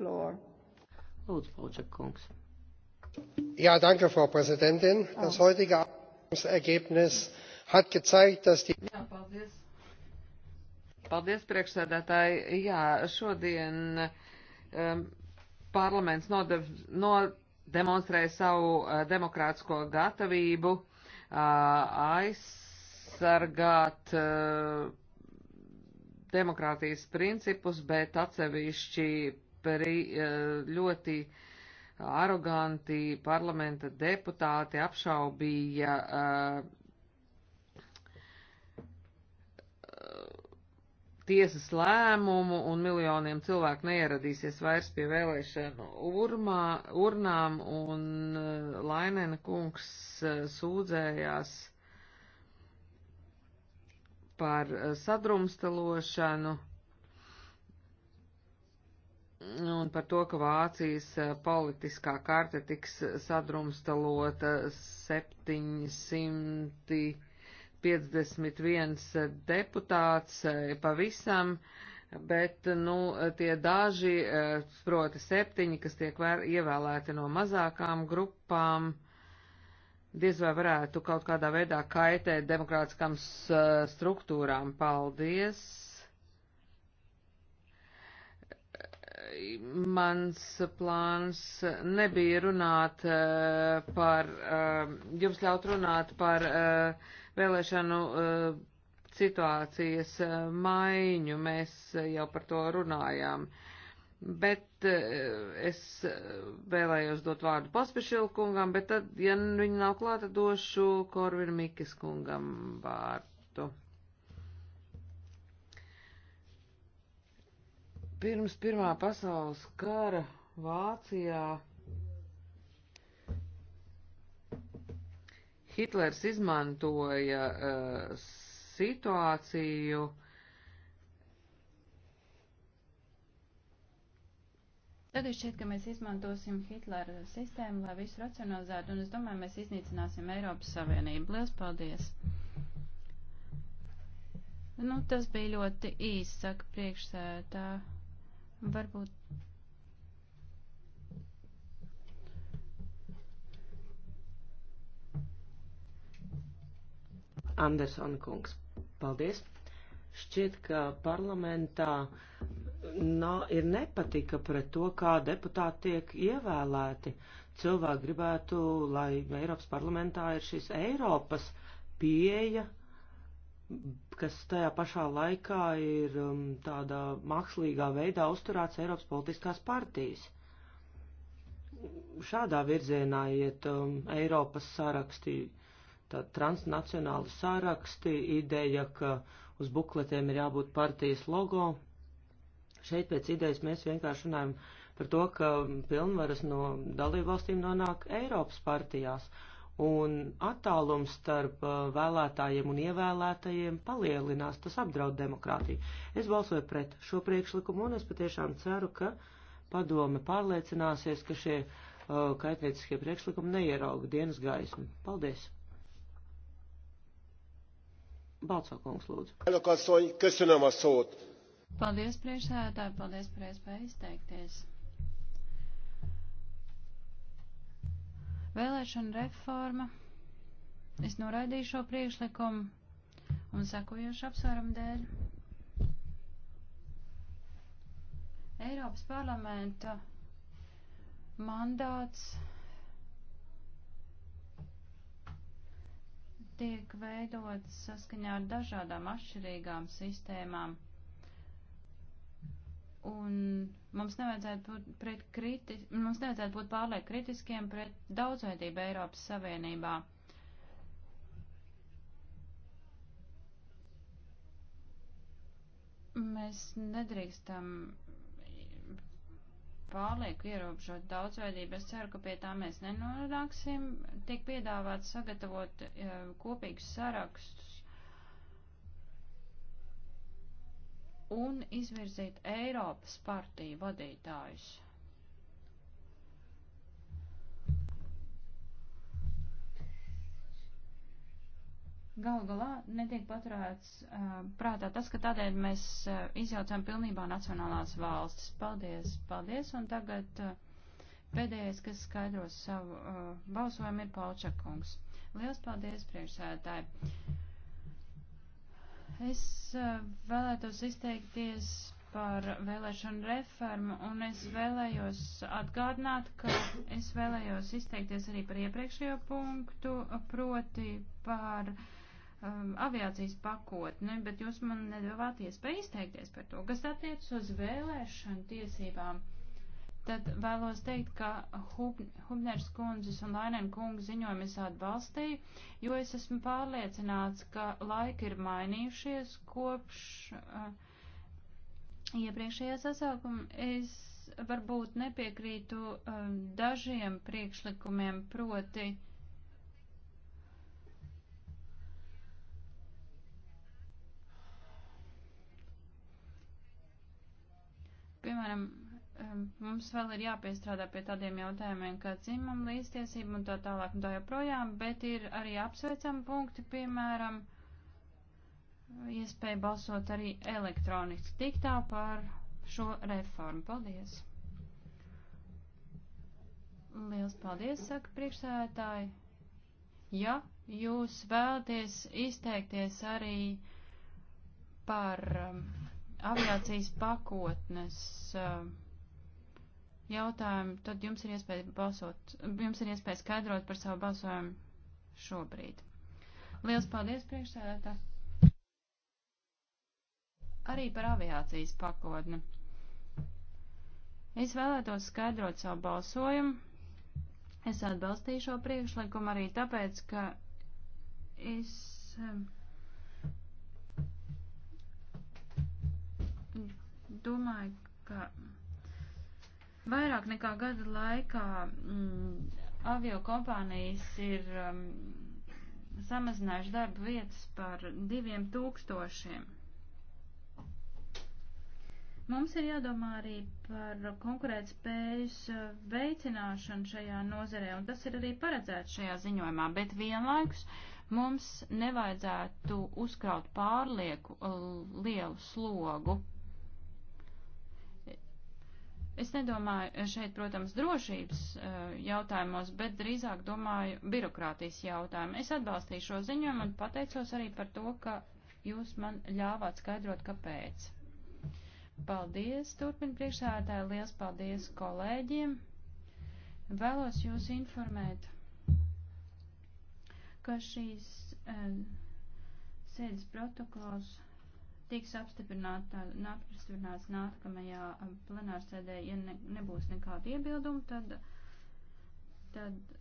floor. Lūdzu, Polčak kungs. Jā, danke, Frau Präsidentin. Das heutige Ergebnis hat gezeigt, dass die. Jā, paldies. Paldies, priekšsēdētāji. Jā, šodien um, parlaments nodev, nodemonstrēja savu uh, demokrātisko gatavību uh, aizsargāt uh, demokrātijas principus, bet atsevišķi E, ļoti aroganti parlamenta deputāti apšaubīja e, tiesas lēmumu un miljoniem cilvēku neieradīsies vairs pie vēlēšanu urmā, urnām, un e, Lainēna kungs sūdzējās par sadrumstalošanu un par to, ka Vācijas eh, politiskā karte tiks eh, sadrumstalota 751 eh, deputāts pavisam, bet, nu, tie daži, proti septiņi, kas tiek ievēlēti no mazākām grupām, diez vai varētu kaut kādā veidā kaitēt demokrātiskām struktūrām. Paldies! mans plāns nebija runāt eh, par, eh, jums ļaut runāt par eh, vēlēšanu situācijas maiņu, mēs jau par to runājām. Bet es vēlējos dot vārdu Paspešila kungam, bet tad, ja viņa nav klāta, došu Korvina Mikis kungam vārdu. Pirms Pirmā pasaules kara Vācijā Hitlers izmantoja uh, situāciju, Tad ir šķiet, ka mēs izmantosim Hitlera sistēmu, lai visu racionalizētu, un es domāju, mēs iznīcināsim Eiropas Savienību. Lielas paldies! Nu, tas bija ļoti īsi, saka priekšsētā. Varbūt. Andersona kungs, paldies. Šķiet, ka parlamentā no, ir nepatika pret to, kā deputāti tiek ievēlēti. Cilvēki gribētu, lai Eiropas parlamentā ir šis Eiropas pieeja kas tajā pašā laikā ir um, tādā mākslīgā veidā uzturēts Eiropas politiskās partijas. Šādā virzienā iet um, Eiropas sarakstī, tā transnacionāli saraksti, ideja, ka uz bukletiem ir jābūt partijas logo. Šeit pēc idejas mēs vienkārši runājam par to, ka pilnvaras no dalībvalstīm nonāk Eiropas partijās. Uh, un attālums starp uh, vēlētājiem un ievēlētajiem palielinās, tas apdraud demokrātiju. Es balsoju pret šo priekšlikumu, un es patiešām ceru, ka padome pārliecināsies, ka šie uh, kaitnieciskie priekšlikumi neierauga dienas gaismu. Paldies! Balcokungs, lūdzu. Elnök asszony, köszönöm a szót. Paldies, priekšsēdētāji, paldies par iespēju izteikties. Vēlēšana reforma. Es noraidīju šo priekšlikumu un sekojošu apsvērumu dēļ. Eiropas parlamenta mandāts tiek veidots saskaņā ar dažādām atšķirīgām sistēmām. Un mums nevajadzētu būt, pret kritis, mums nevajadzētu būt pārliek kritiskiem pret daudzveidību Eiropas Savienībā. Mēs nedrīkstam pārlieku ierobežot daudzveidību. Es ceru, ka pie tā mēs nenonāksim. Tiek piedāvāts sagatavot uh, kopīgus sarakstus un izvirzīt Eiropas partiju vadītājus. Gal galā netiek paturēts uh, prātā tas, ka tādēļ mēs uh, izjaucam pilnībā nacionālās valstis. Paldies, paldies, un tagad uh, pēdējais, kas skaidros savu uh, balsojumu, ir Paučakungs. Liels paldies, priekšsēdētāji! Es eh, vēlētos izteikties par vēlēšanu reformu, un es vēlējos atgādināt, ka es vēlējos izteikties arī par iepriekšējo punktu, proti par um, aviācijas pakotni, bet jūs man nedavāt iespēju izteikties par to, kas attiecas uz vēlēšanu tiesībām. Uh, tad vēlos teikt, ka Hub, Hubners kundzes un Lainen kunga ziņojumu es atbalstīju, jo es esmu pārliecināts, ka laika ir mainījušies kopš uh, iepriekšējā sasaukuma. Es varbūt nepiekrītu uh, dažiem priekšlikumiem, proti. Piemēram, mums vēl ir jāpiestrādā pie tādiem jautājumiem, kā dzimuma līdztiesība un tā tālāk un tā joprojām, bet ir arī apsveicami punkti, piemēram, iespēja balsot arī elektroniski tik tā par šo reformu. Paldies! Liels paldies, saka priekšsēdētāji. Ja jūs vēlaties izteikties arī par um, aviācijas pakotnes uh, jautājumu, tad jums ir iespēja balsot, jums ir iespēja skaidrot par savu balsojumu šobrīd. Liels paldies priekšsēdētā. Arī par aviācijas pakotni. Es vēlētos skaidrot savu balsojumu. Es atbalstīju šo priekšlikumu arī tāpēc, ka es um, domāju, ka Vairāk nekā gada laikā mm, avio kompānijas ir um, mm, samazinājuši darba vietas par diviem tūkstošiem. Mums ir jādomā arī par konkurētspējas mm, veicināšanu šajā nozarē, un tas ir arī paredzēts šajā ziņojumā, bet vienlaikus mums nevajadzētu uzkraut pārlieku mm, lielu slogu Es nedomāju šeit, protams, drošības e, jautājumos, bet drīzāk domāju birokrātijas jautājumu. Es atbalstīju šo ziņojumu un pateicos arī par to, ka jūs man ļāvāt skaidrot, kāpēc. Paldies, turpin priekšsēdētāji, liels paldies kolēģiem. Vēlos jūs informēt, ka šīs eh, sēdes protokols tiks apstiprināta, apstiprināts nākamajā um, plenārsēdē, ja ne, nebūs nekādu iebildumu, tad, tad